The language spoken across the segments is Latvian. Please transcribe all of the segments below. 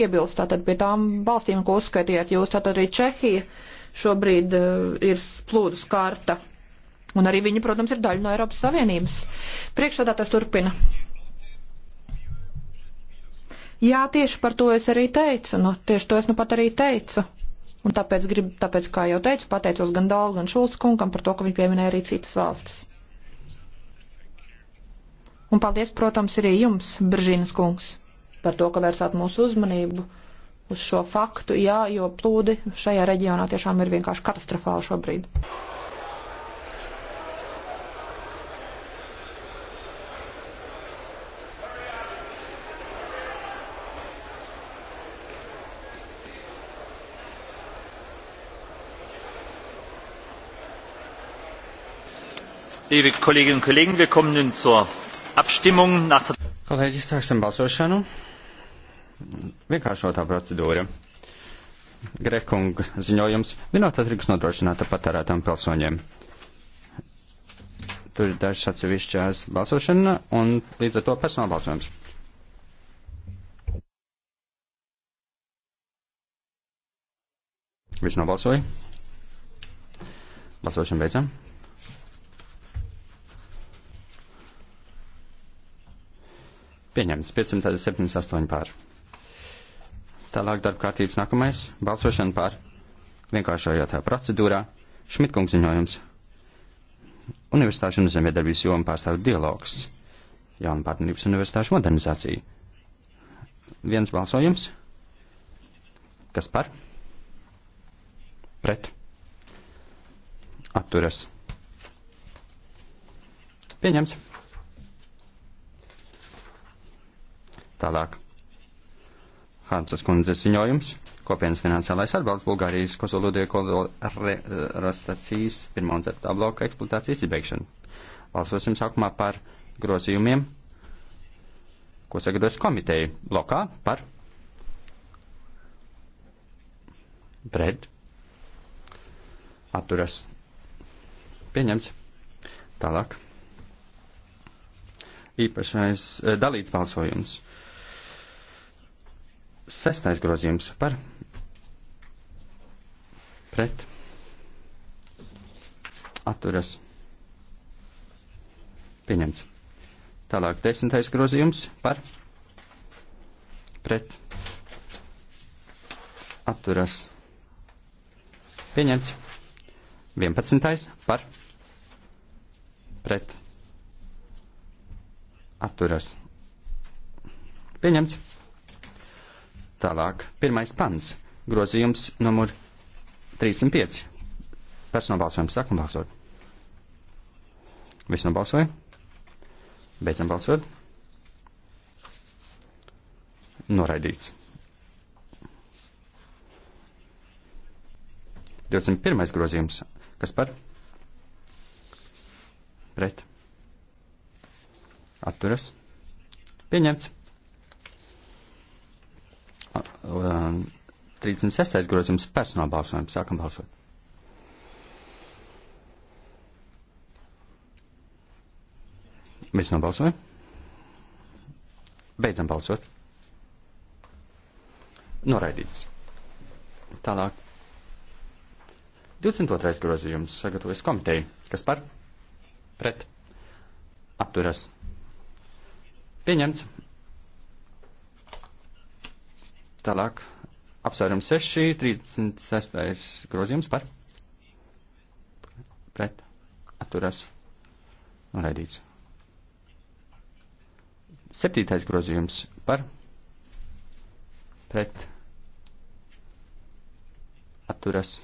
piebilst tātad pie tām valstīm, ko uzskaitījāt jūs, tātad arī Čehija šobrīd uh, ir plūdus karta. Un arī viņi, protams, ir daļa no Eiropas Savienības. Priekšsādā tas turpina. Jā, tieši par to es arī teicu, nu, tieši to es nu pat arī teicu. Un tāpēc, grib, tāpēc kā jau teicu, pateicos gan Dālu, gan Šulc kungam par to, ka viņi pieminēja arī citas valstis. Un paldies, protams, arī jums, Biržīnas kungs par to, ka vērsāt mūsu uzmanību uz šo faktu, jā, jo plūdi šajā reģionā tiešām ir vienkārši katastrofāli šobrīd. Liebe Kolleginnen und Kollegen, wir kommen nun zur Abstimmung nach der Kolēģi, sāksim balsošanu vienkāršotā procedūra. Grekunga ziņojums - vienotā tirgus nodrošināta patērētām pilsoņiem. Tur ir dažs atsevišķās balsošana un līdz ar to personāla balsojums. Viss nobalsoja. Balsošana beidzam. Pieņemts 578 pār. Tālāk darba kārtības nākamais - balsošana par vienkāršo jautājumu procedūrā - Šmitkungs ziņojums. Universitāšu un zemiedarbības joma pārstāv dialogs. Jauna partnerības universitāšu modernizācija. Viens balsojums. Kas par? Pret. Atturas. Pieņems. Tālāk. Hārmsas kundzes ziņojums - kopienas finansiālais atbalsts Bulgārijas Kosoludie kolorastacijas pirmā un ceturtā bloka eksploatācijas izbeigšana. Balsosim sākumā par grozījumiem, ko sagados komiteja blokā par pret atturas. Pieņemts. Tālāk. Īpašais eh, dalīts balsojums. Uh, Sestais grozījums par pret atturas pieņemts. Tālāk desmitais grozījums par pret atturas pieņemts. Vienpadsmitais par pret atturas pieņemts. Tālāk, pirmais pants, grozījums numur 305. Personāla balsojums, sākam balsot. Viss nobalsoja? Beidzam balsot. Noraidīts. 21. grozījums. Kas par? Pret. Atturas. Pieņemts. Um, 36. grozījums personāla balsojums. Sākam balsot. Viss nobalsoja. Beidzam balsot. Noraidīts. Tālāk. 22. grozījums sagatavojas komiteja, kas par pret atturas. Pieņemts. Tālāk apsvērums 6, 36. grozījums par pret atturas noraidīts. 7. grozījums par pret atturas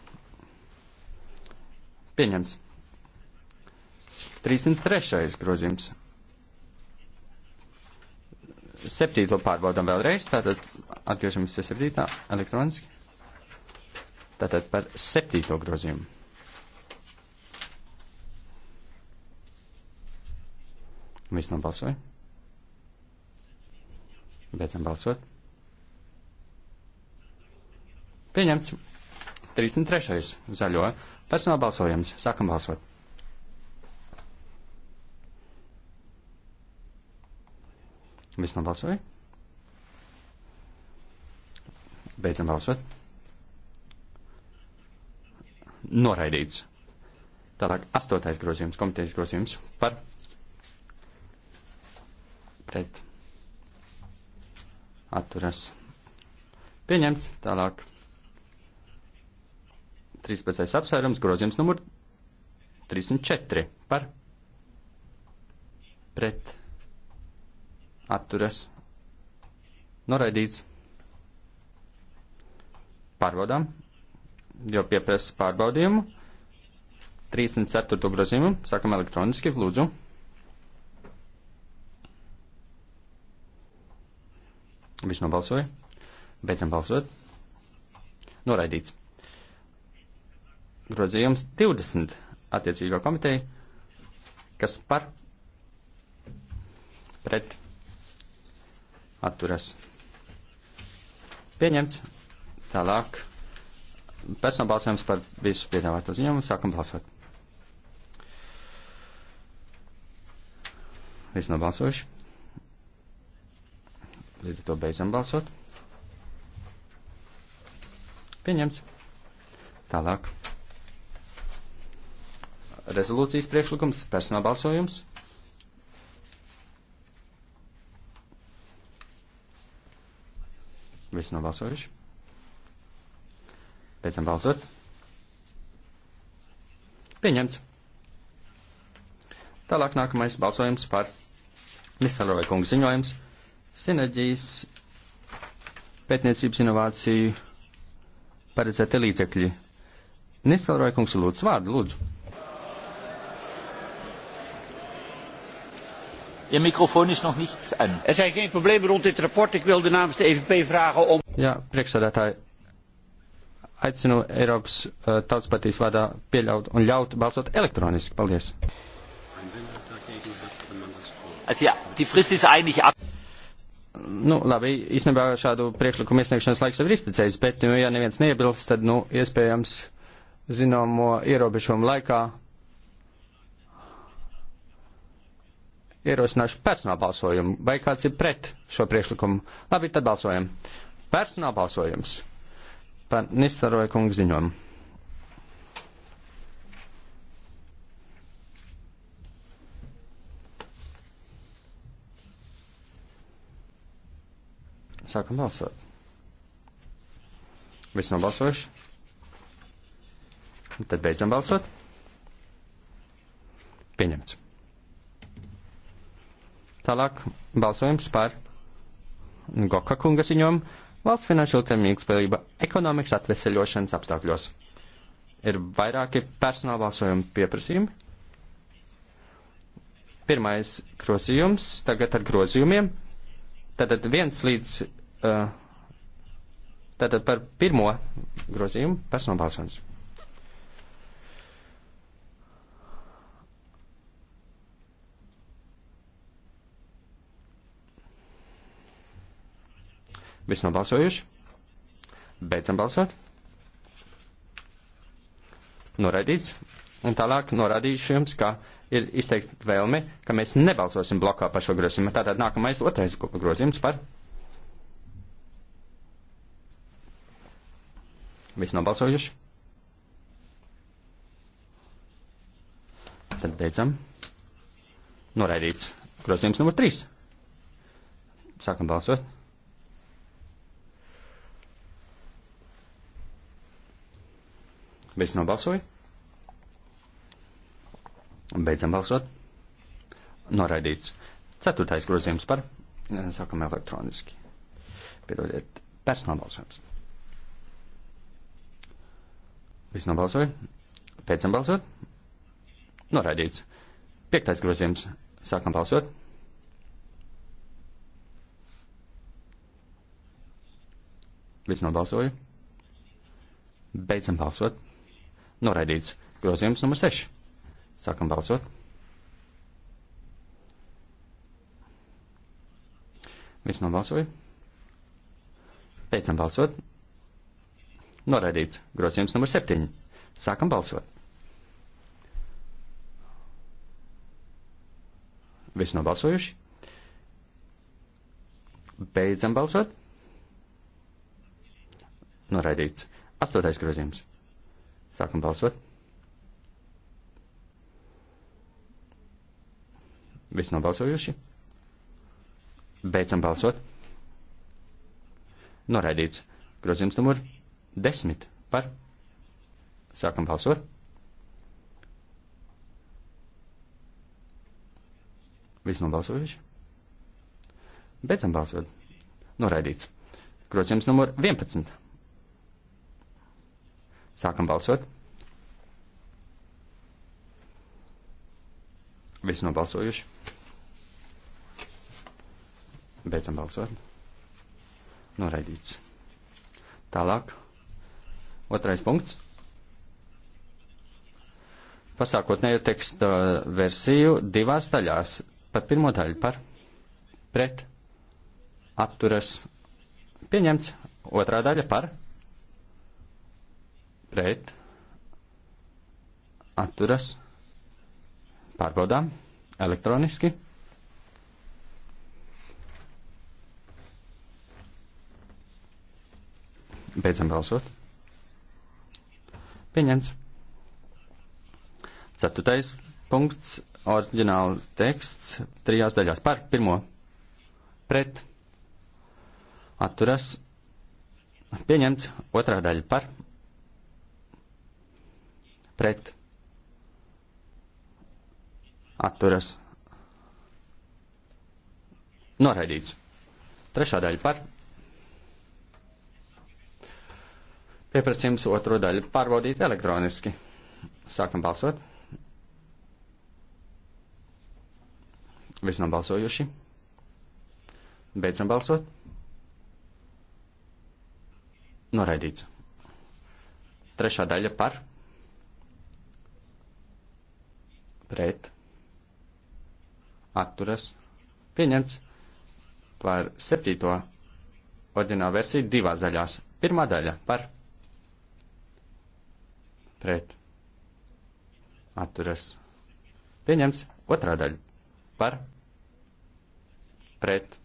pieņems. 33. grozījums. Septīto pārbaudam vēlreiz, tātad Atgriežamies pie 7. elektroniski. Tātad par 7. grozījumu. Viss nav balsoja. Beidzam balsot. Pieņemts. 33. zaļo. Personāla balsojums. Sākam balsot. Viss nav balsoja. Beidzam balsot. Noraidīts. Tālāk, astotais grozījums, komitejas grozījums par pret atturas. Pieņemts. Tālāk. 13. apsvērums, grozījums numur 304 par pret atturas noraidīts. Pārbaudām, jo pieprasa pārbaudījumu. 34. grozījumu sākam elektroniski, lūdzu. Viss nobalsoja. Beidzam balsot. Noraidīts. Grozījums 20 attiecīgo komiteju, kas par pret atturas. Pieņemts. Tālāk. Pēc tam balsojums par visu piedāvāto ziņojumu. Sākam balsot. Viss nobalsojuši. Līdz ar to beidzam balsot. Pieņemts. Tālāk. Rezolūcijas priekšlikums, personāla balsojums. Viss nobalsojuši. Beidzam balsot. Pieņemts. Tālāk nākamais balsojums par Nistaroja kungu ziņojums - sinerģijas pētniecības inovāciju paredzēti līdzekļi. Nistaroja kungs lūdzu vārdu, lūdzu. Ihr Mikrofon ist noch nicht an. Er zijn geen problemen rond dit rapport. Ik wil de namens de EVP vragen om. Ja, priekšsēdētāji, aicinu Eiropas uh, eh, tautas partijas vārdā pieļaut un ļaut balsot elektroniski. Paldies! Also, ja, die Frist ist eigentlich ab. Nu, labi, īstenībā šādu priekšlikumu iesniegšanas laiks jau ir izticējis, bet, nu, ja neviens neiebilst, tad, nu, iespējams, zināmo ierobežojumu laikā ierosināšu personāla balsojumu. Vai kāds ir pret šo priekšlikumu? Labi, tad balsojam. Personāla balsojums par Nistaroja kungu ziņojumu. Sākam balsot. Viss nav balsojuši. Tad beidzam balsot. Pieņemts. Tālāk balsojums par Goka kunga ziņojumu valsts finanšu ilgtermiņīgspējība ekonomikas atveseļošanas apstākļos. Ir vairāki personāla balsojuma pieprasījumi. Pirmais grozījums tagad ar grozījumiem. Tātad viens līdz. Uh, tātad par pirmo grozījumu personāla balsojums. Viss nobalsojuši? Beidzam balsot. Noraidīts. Un tālāk norādīšu jums, ka ir izteikta vēlme, ka mēs nebalsosim blokā par šo grozījumu. Tātad nākamais otrais grozījums par. Viss nobalsojuši? Tad beidzam. Noraidīts. Grozījums numur 3. Sākam balsot. Viss nobalsoja? Beidzam balsot. Noraidīts. Ceturtais grozījums par. Sākam elektroniski. Piedodiet, personāla balsojums. Viss nobalsoja. Beidzam balsot. Noraidīts. Piektais grozījums. Sākam balsot. Viss nobalsoja. Beidzam balsot. Noraidīts. Grozījums numur 6. Sākam balsot. Viss nobalsoja. Beidzam balsot. Noraidīts. Grozījums numur 7. Sākam balsot. Viss nobalsojuši. Beidzam balsot. Noraidīts. Astotais grozījums. Sākam balsot. Visi nobalsojuši? Beidzam balsot. Noraidīts. Grozījums numur 10 par. Sākam balsot. Visi nobalsojuši? Beidzam balsot. Noraidīts. Grozījums numur 11 Sākam balsot. Visi nobalsojuši. Beidzam balsot. Noraidīts. Tālāk. Otrais punkts. Pasākotnējo teksta versiju divās daļās. Par pirmo daļu par pret atturas pieņemts. Otrā daļa par pret, atturas, pārbaudām elektroniski. Beidzam balsot. Pieņemts. Ceturtais punkts, oriģināla teksts, trijās daļās par pirmo, pret, atturas, pieņemts, otrā daļa par, pret atturas noraidīts. Trešā daļa par pieprasījums otro daļu pārbaudīt elektroniski. Sākam balsot. Visi nav balsojuši. Beidzam balsot. Noraidīts. Trešā daļa par pret atturas pieņemts par septīto ordinālu versiju divās daļās. Pirmā daļa par pret atturas pieņemts otrā daļa par pret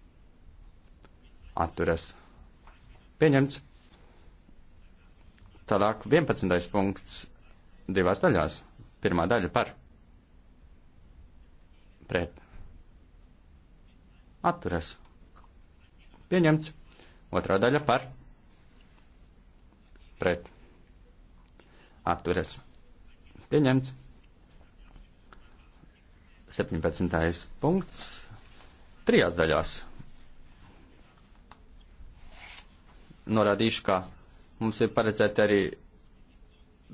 atturas pieņemts. Tālāk 11. punkts divās daļās. Pirmā daļa par pret pret atturas. Pieņemts. Otrā daļa par pret atturas. Pieņemts. 17. punkts. Trijās daļās. Norādīšu, ka mums ir paredzēti arī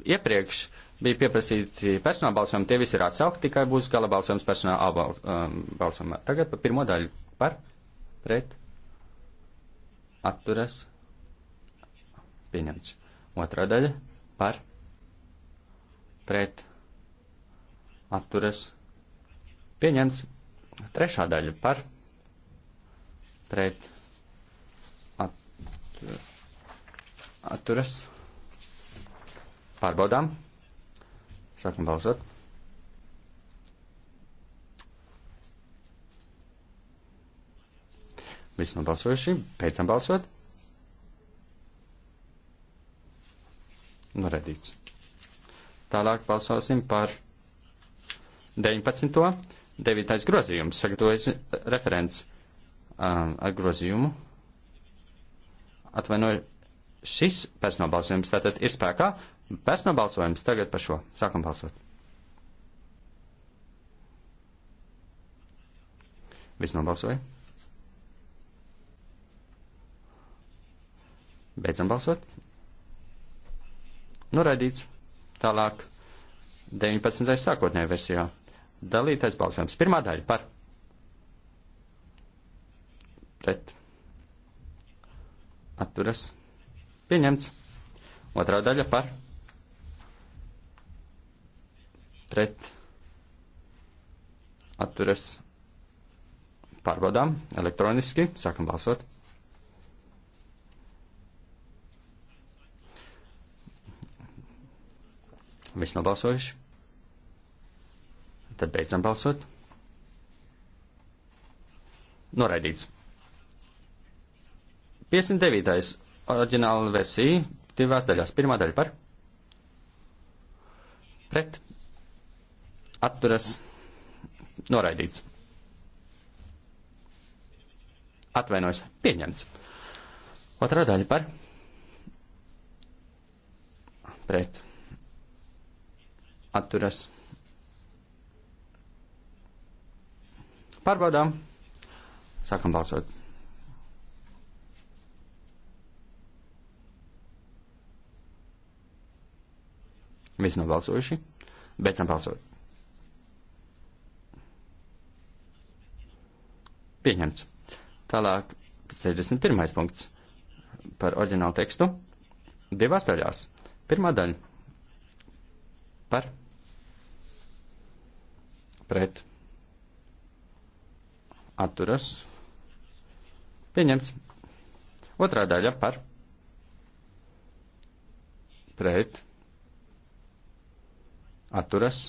iepriekš bija pieprasīti personāla balsojumi, tie visi ir atsaukti, tikai būs gala balsojums personāla um, balsojumā. Tagad par pirmo daļu par, pret, atturas, pieņemts. Otrā daļa par, pret, atturas, pieņemts. Trešā daļa par, pret, atturas, Pārbaudām. Sākam balsot. Viss nobalsojuši. Beidzam balsot. Noredīts. Tālāk balsosim par 19. 9. grozījums. Sagatavojas referents um, ar grozījumu. Atvainoju, šis pēc nobalsojums tātad ir spēkā, Personālbalsojums tagad par šo. Sākam balsot. Viss nobalsoja. Beidzam balsot. Noraidīts. Tālāk. 19. sākotnējā versijā. Dalītais balsojums. Pirmā daļa par. Pret. Atturas. Pieņemts. Otrā daļa par pret atturas pārbaudām elektroniski, sākam balsot. Viss nobalsojuši. Tad beidzam balsot. Noraidīts. 59. oriģināla versija divās daļās. Pirmā daļa par. Pret atturas noraidīts. Atvainojas, pieņemts. Otra daļa par pret atturas. Pārbaudām. Sākam balsot. Visi nav balsojuši. Beidzam balsot. Pieņemts. Tālāk 61. punkts par oriģinālu tekstu divās daļās. Pirmā daļa par pret atturas pieņemts. Otrā daļa par pret atturas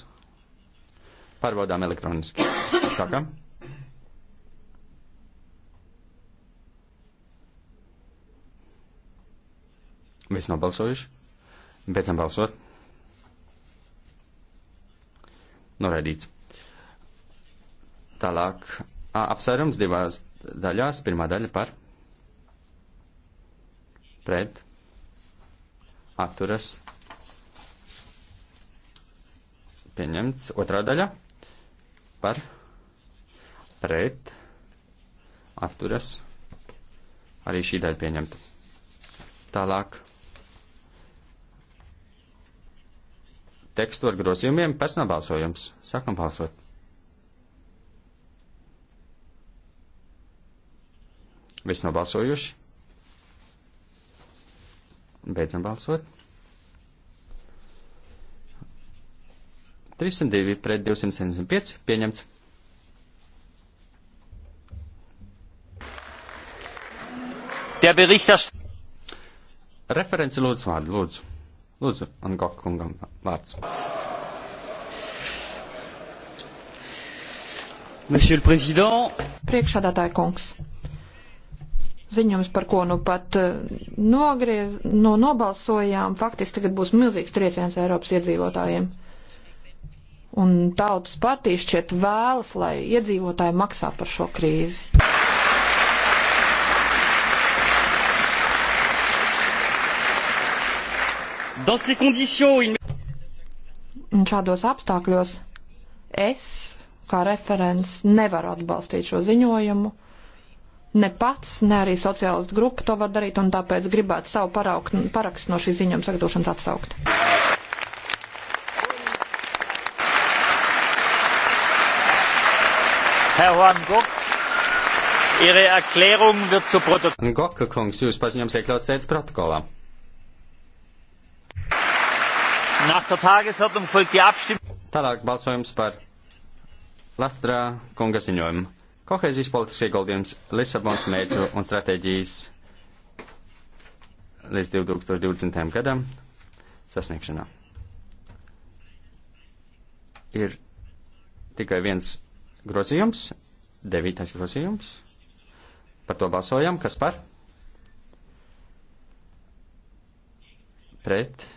pārbaudām elektroniski. Sākam. Visi nobalsojuši? Beidzam balsot. Noraidīts. Tālāk apsvērums divās daļās. Pirmā daļa par pret atturas pieņemts. Otrā daļa par pret atturas arī šī daļa pieņemta. Tālāk tekstu ar grozījumiem personāla balsojums. Sākam balsot. Viss nobalsojuši. Beidzam balsot. 302 pret 275 pieņemts. Der Berichterstatter. Referenz lūdzu vārdu, lūdzu. Lūdzu, Angok kungam vārds. Monsieur le Président. Priekšādātāja kungs. Ziņojums, par ko nu pat eh, nogriez, no nu nobalsojām, faktiski tagad būs milzīgs trieciens Eiropas iedzīvotājiem. Un tautas partijas šķiet vēlas, lai iedzīvotāji maksā par šo krīzi. Un šādos apstākļos es, kā referents, nevaru atbalstīt šo ziņojumu. Ne pats, ne arī sociālistu grupa to var darīt, un tāpēc gribētu savu paraukt, parakstu no šī ziņojuma sagatavošanas atsaukt. Herr Hornburg, Ihre Erklärung wird zu Protokoll. Goka kungs, jūs paziņojums iekļauts sēdes protokolā. Tālāk balsojums par Lastrā kunga ziņojumu. Kohēzijas politikas ieguldījums Lisabons mērķu un stratēģijas līdz 2020. gadam sasniegšanā. Ir tikai viens grozījums, devītais grozījums. Par to balsojam. Kas par? Pret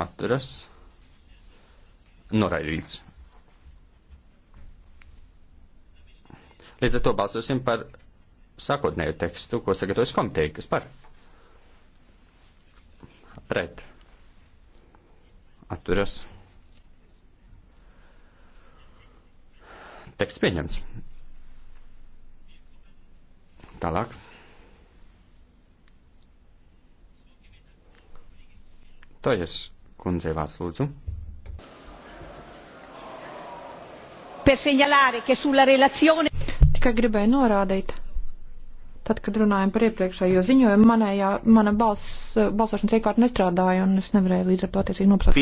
atturas noraidīts. Līdz ar to balsosim par sākotnēju tekstu, ko sagatavojas komiteja, kas par pret atturas. Teksts pieņemts. Tālāk. To es Kundze Vās, lūdzu. Tikai gribēju norādīt, tad, kad runājam par iepriekšējo ziņojumu, manējā, mana balss, balsošanas iekārta nestrādāja, un es nevarēju līdz ar to attiecīgi nobalsot.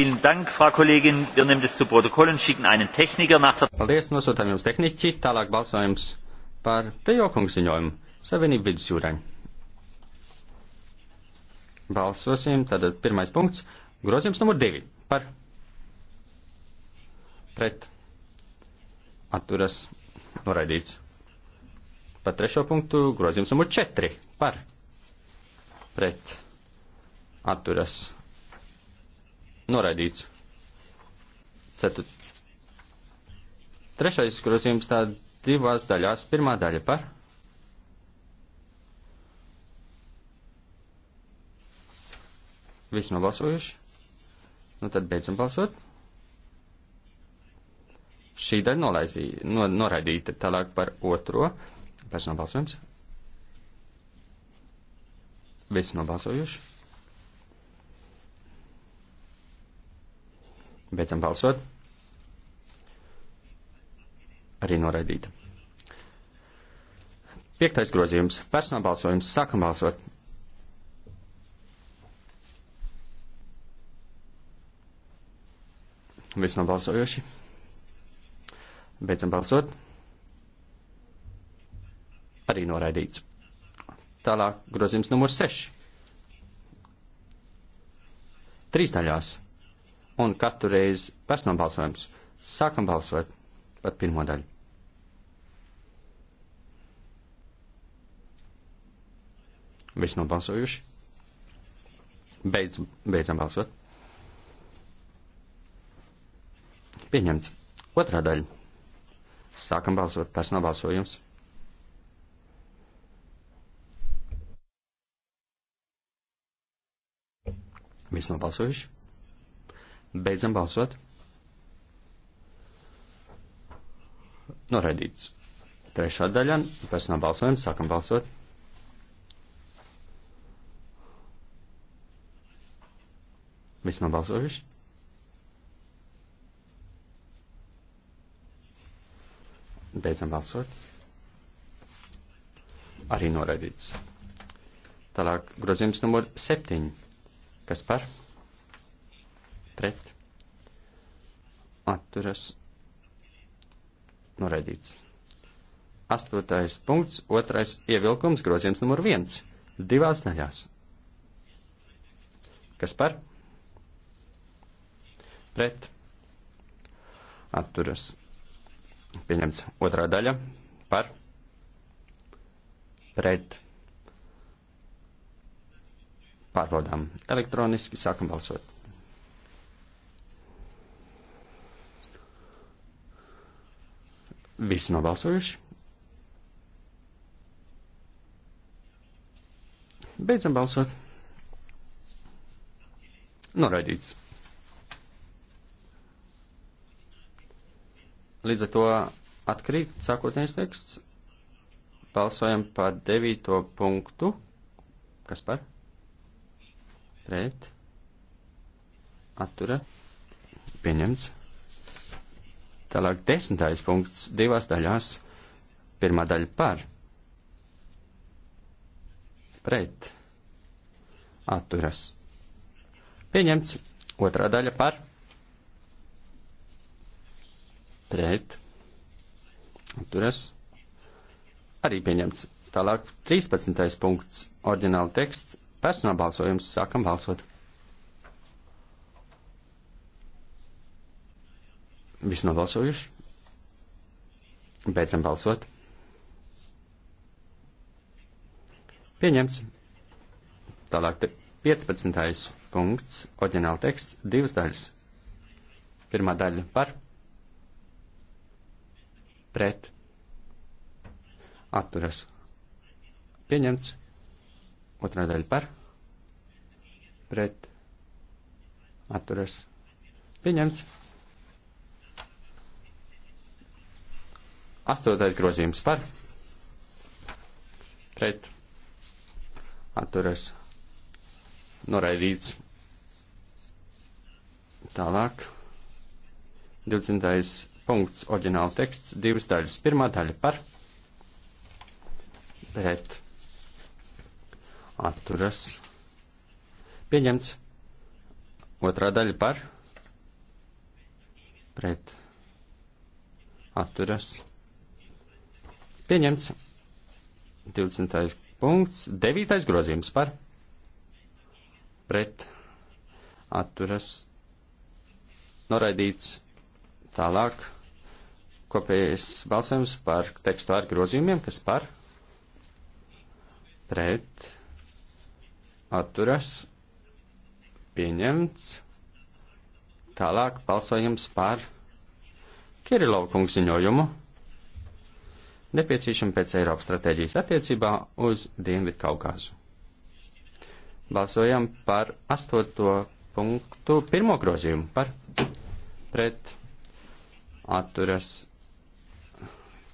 Paldies, nosūtām jums tehniķi, tālāk balsojums par Pejokungu ziņojumu Savienību vidusjūrai. Balsosim, tad pirmais punkts Grozījums numur 2 par pret atturas noraidīts. Par trešo punktu grozījums numur 4 par pret atturas noraidīts. Ceturt. Trešais grozījums tā divās daļās. Pirmā daļa par Viss nobalsojuši? Nu tad beidzam balsot. Šī daļa nolaizī, no, noraidīta tālāk par otro. Pēc nobalsojums. Visi nobalsojuši. Beidzam balsot. Arī noraidīta. Piektais grozījums. Personāla balsojums. Sākam balsot. Viss nobalsojuši. Beidzam balsot. Arī noraidīts. Tālāk grozījums numur 6. Trīs daļās. Un katru reizi personāla balsojums. Sākam balsot par pirmo daļu. Viss nobalsojuši. Beidz, beidzam balsot. Pieņemts. Otrā daļa. Sākam balsot personāla balsojums. Viss nobalsojuši. Beidzam balsot. Noraidīts. Trešā daļa. Personāla balsojums. Sākam balsot. Viss nobalsojuši. Beidzam balsot. Arī noraidīts. Tālāk grozījums numur 7. Kas par? Pret. Atturas. Noraidīts. Astotais punkts, otrais ievilkums, grozījums numur 1. Divās daļās. Kas par? Pret. Atturas Pieņemts otrā daļa par pret pārbaudām. Elektroniski sākam balsot. Visi nobalsojuši. Beidzam balsot. Noraidīts. Līdz ar to atkrīt sākotnējais teksts. Balsojam par devīto punktu. Kas par? Pret. Attura. Pieņemts. Tālāk desmitais punkts divās daļās. Pirmā daļa par. Pret. Atturas. Pieņemts. Otrā daļa par pret atturas arī pieņemts. Tālāk 13. punkts, oriģināla teksts, personāla balsojums, sākam balsot. Visi nobalsojuši? Beidzam balsot. Pieņemts. Tālāk 15. punkts, oriģināla teksts, divas daļas. Pirmā daļa par pret, atturas, pieņemts, otrā daļa par, pret, atturas, pieņemts. Astotais grozījums par, pret, atturas, noraidīts. Tālāk, 20 punkts, oriģināla teksts, divas daļas. Pirmā daļa par pret atturas pieņemts. Otrā daļa par pret atturas pieņemts. 20. punkts, 9. grozījums par pret atturas noraidīts tālāk kopējais balsojums par tekstu ar grozījumiem, kas par pret atturas pieņemts. Tālāk balsojums par Kirilovu kungu ziņojumu. Nepieciešama pēc Eiropas stratēģijas attiecībā uz Dienvidu Kaukāzu. Balsojam par astoto punktu pirmo grozījumu par pret atturas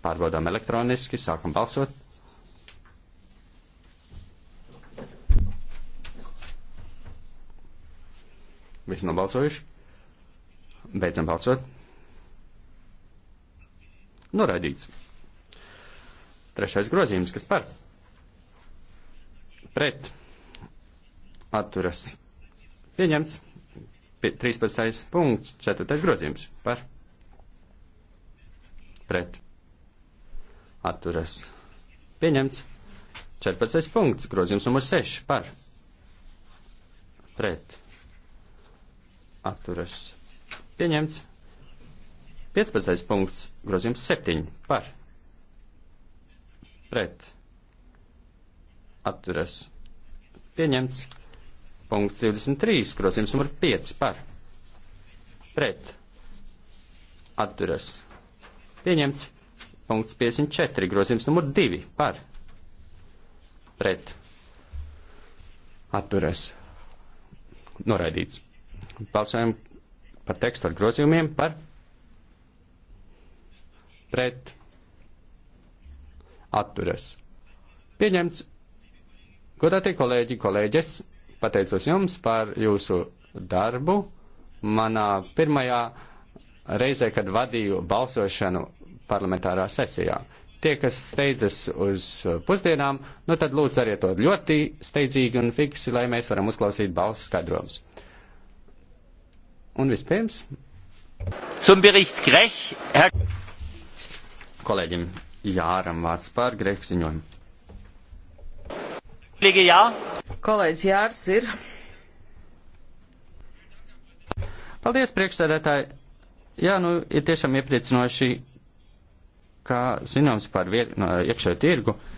Pārbaudām elektroniski, sākam balsot. Visi nobalsojuši? Beidzam balsot. Noraidīts. Trešais grozījums, kas par? Pret. Atturas. Pieņemts. 13. punkts, 4. grozījums par pret atturas pieņemts. 14. punkts, grozījums numur 6 par pret atturas pieņemts. 15. punkts, grozījums 7 par pret atturas pieņemts. Punkts 23, grozījums numur 5 par pret atturas pieņemts. Punkts 54, grozījums numur 2 par pret atturēs noraidīts. Balsojam par tekstu ar grozījumiem par pret atturēs. Pieņemts. Godātie kolēģi, kolēģis, pateicos jums par jūsu darbu. Manā pirmajā reizē, kad vadīju balsošanu parlamentārā sesijā. Tie, kas steidzas uz pusdienām, nu tad lūdzu dariet to ļoti steidzīgi un fiksi, lai mēs varam uzklausīt balsu skaidrojumus. Un vispirms. Zum Bericht Grech, Herr. Kolēģim Jāram vārds par Grechu ziņojumu. Kolēģi Jā. Kolēģis Jārs ir. Paldies, priekšsēdētāji. Jā, nu ir tiešām iepriecinoši kā zināms par viet, no, iekšēju tirgu, uh,